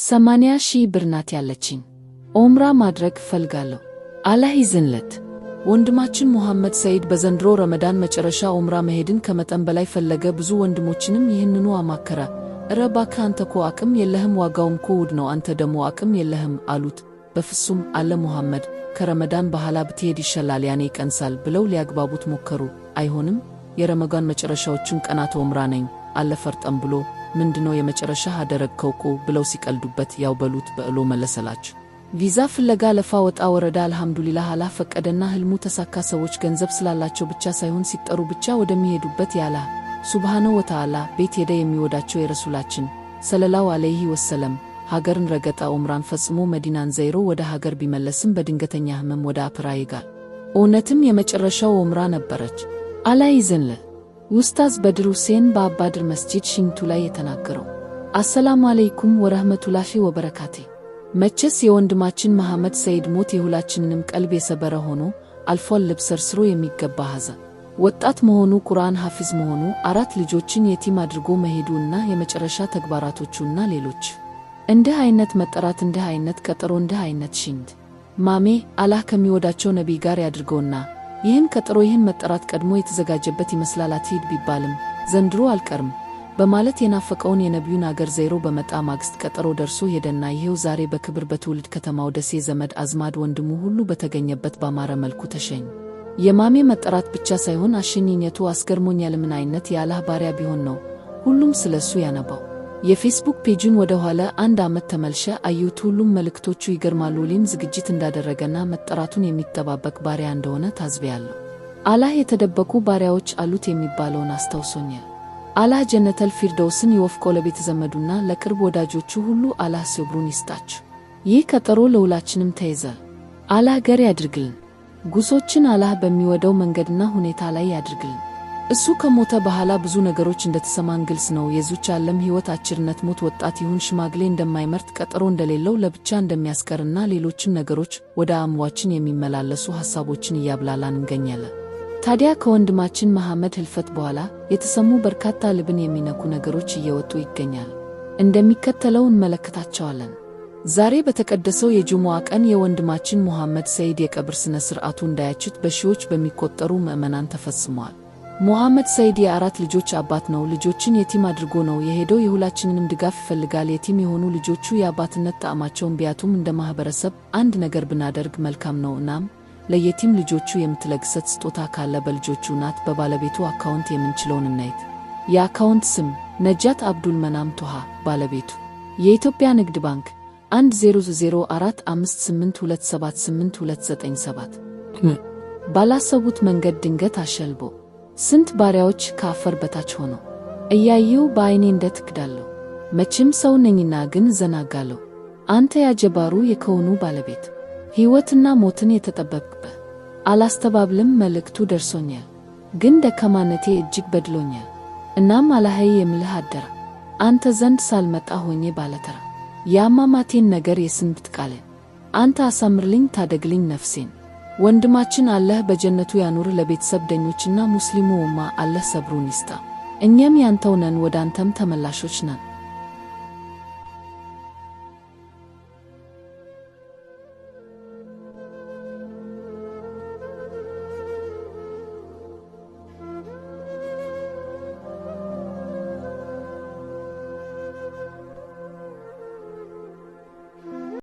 ሰማንያ ሺህ ብር ናት ያለችኝ። ኦምራ ማድረግ እፈልጋለሁ። አላህ ይዝንለት። ወንድማችን ሙሐመድ ሰይድ በዘንድሮ ረመዳን መጨረሻ ኦምራ መሄድን ከመጠን በላይ ፈለገ። ብዙ ወንድሞችንም ይህንኑ አማከረ። እረ እባክህ አንተ ኮ አቅም የለህም፣ ዋጋውም ኮ ውድ ነው፣ አንተ ደሞ አቅም የለህም አሉት። በፍሱም አለ ሙሐመድ፣ ከረመዳን በኋላ ብትሄድ ይሻላል፣ ያኔ ይቀንሳል ብለው ሊያግባቡት ሞከሩ። አይሆንም፣ የረመዳን መጨረሻዎቹን ቀናት ኦምራ ነኝ አለ ፈርጠም ብሎ ምንድነው የመጨረሻ አደረግከው እኮ ብለው ሲቀልዱበት ያው በሉት በእሎ መለሰላች። ቪዛ ፍለጋ ለፋ ወጣ ወረዳ። አልሐምዱሊላህ አላ ፈቀደና ህልሙ ተሳካ። ሰዎች ገንዘብ ስላላቸው ብቻ ሳይሆን ሲጠሩ ብቻ ወደሚሄዱበት ያላ ሱብሃነ ወተዓላ ቤት ሄደ የሚወዳቸው የረሱላችን ሰለላሁ አለይህ ወሰለም ሀገርን ረገጣ። ዑምራን ፈጽሞ መዲናን ዘይሮ ወደ ሀገር ቢመለስም በድንገተኛ ህመም ወደ አፕራ ይጋል። እውነትም የመጨረሻው ዑምራ ነበረች። አላህ ውስታዝ በድር ሁሴን በአባድር መስጂድ ሽኝቱ ላይ የተናገረው። አሰላሙ አለይኩም ወረህመቱላሂ ወበረካቴ። መቼስ የወንድማችን መሐመድ ሰይድ ሞት የሁላችንንም ቀልብ የሰበረ ሆኖ አልፏል። ልብ ሰርስሮ የሚገባ ሐዘን። ወጣት መሆኑ፣ ቁርአን ሐፊዝ መሆኑ፣ አራት ልጆችን የቲም አድርጎ መሄዱና የመጨረሻ ተግባራቶቹና ሌሎች እንዲህ አይነት መጠራት፣ እንዲህ አይነት ቀጠሮ፣ እንዲህ አይነት ሽኝት ማሜ አላህ ከሚወዳቸው ነቢይ ጋር ያድርገውና ይህን ከጥሮ ይህን መጠራት ቀድሞ የተዘጋጀበት ይመስላል። አትሂድ ቢባልም ዘንድሮ አልቀርም በማለት የናፈቀውን የነቢዩን አገር ዘይሮ በመጣ ማግስት ቀጠሮ ደርሶ ሄደና ይሄው ዛሬ በክብር በትውልድ ከተማው ደሴ ዘመድ አዝማድ ወንድሙ ሁሉ በተገኘበት ባማረ መልኩ ተሸኝ የማሜ መጠራት ብቻ ሳይሆን አሸኝኘቱ አስገርሞኛል። ምን አይነት የአላህ ባሪያ ቢሆን ነው ሁሉም ስለ እሱ ያነባው? የፌስቡክ ፔጁን ወደ ኋላ አንድ ዓመት ተመልሸ አየሁት። ሁሉም መልእክቶቹ ይገርማሉ። ሊም ዝግጅት እንዳደረገና መጠራቱን የሚጠባበቅ ባሪያ እንደሆነ ታዝቢያለሁ። አላህ የተደበቁ ባሪያዎች አሉት የሚባለውን አስታውሶኛል። አላህ ጀነተል ፊርደውስን ይወፍቀው። ለቤተ ዘመዱና ለቅርብ ወዳጆቹ ሁሉ አላህ ሲብሩን ይስጣችሁ። ይህ ቀጠሮ ለሁላችንም ተይዘ አላህ ገር ያድርግልን። ጉዞችን አላህ በሚወደው መንገድና ሁኔታ ላይ ያድርግልን። እሱ ከሞተ በኋላ ብዙ ነገሮች እንደተሰማን ግልጽ ነው። የዙች ዓለም ሕይወት አጭርነት ሞት ወጣት ይሁን ሽማግሌ እንደማይመርጥ ቀጠሮ እንደሌለው ለብቻ እንደሚያስቀርና ሌሎችም ነገሮች ወደ አእምሯችን የሚመላለሱ ሐሳቦችን እያብላላን እንገኛለን። ታዲያ ከወንድማችን መሐመድ ህልፈት በኋላ የተሰሙ በርካታ ልብን የሚነኩ ነገሮች እየወጡ ይገኛል። እንደሚከተለው እንመለከታቸዋለን። ዛሬ በተቀደሰው የጁሙዓ ቀን የወንድማችን ሙሐመድ ሰይድ የቀብር ሥነ ሥርዓቱ እንዳያችት በሺዎች በሚቆጠሩ ምዕመናን ተፈስመዋል። ሙሐመድ ሰይድ የአራት ልጆች አባት ነው። ልጆችን የቲም አድርጎ ነው የሄደው። የሁላችንንም ድጋፍ ይፈልጋል። የቲም የሆኑ ልጆቹ የአባትነት ጣዕማቸውን ቢያጡም እንደ ማኅበረሰብ አንድ ነገር ብናደርግ መልካም ነው። እናም ለየቲም ልጆቹ የምትለግሰት ስጦታ ካለ በልጆቹ ናት በባለቤቱ አካውንት የምንችለውን እናየት። የአካውንት ስም ነጃት አብዱል መናም ቶሃ። ባለቤቱ የኢትዮጵያ ንግድ ባንክ 100458278297 ባላሰቡት መንገድ ድንገት አሸልቦ ስንት ባሪያዎች ከአፈር በታች ሆነው እያዩ በዐይኔ እንደ ትክዳለሁ መቼም ሰው ነኝና ግን እዘናጋለሁ። አንተ ያጀባሩ የከውኑ ባለቤት ሕይወትና ሞትን የተጠበቅበት አላስተባብልም። መልእክቱ ደርሶኛል፣ ግን ደካማነቴ እጅግ በድሎኛል። እናም አላህዬ የምልህ አደራ አንተ ዘንድ ሳልመጣ ሆኜ ባለተራ ያማማቴን ነገር የስንብት ቃልን አንተ አሳምርልኝ፣ ታደግልኝ ነፍሴን ወንድማችን አላህ በጀነቱ ያኑር ለቤተሰብ ደኞችና ሙስሊሙ ኡማ አላህ ሰብሩን ይስጣ። እኛም ያንተው ነን፣ ወደ አንተም ተመላሾች ነን።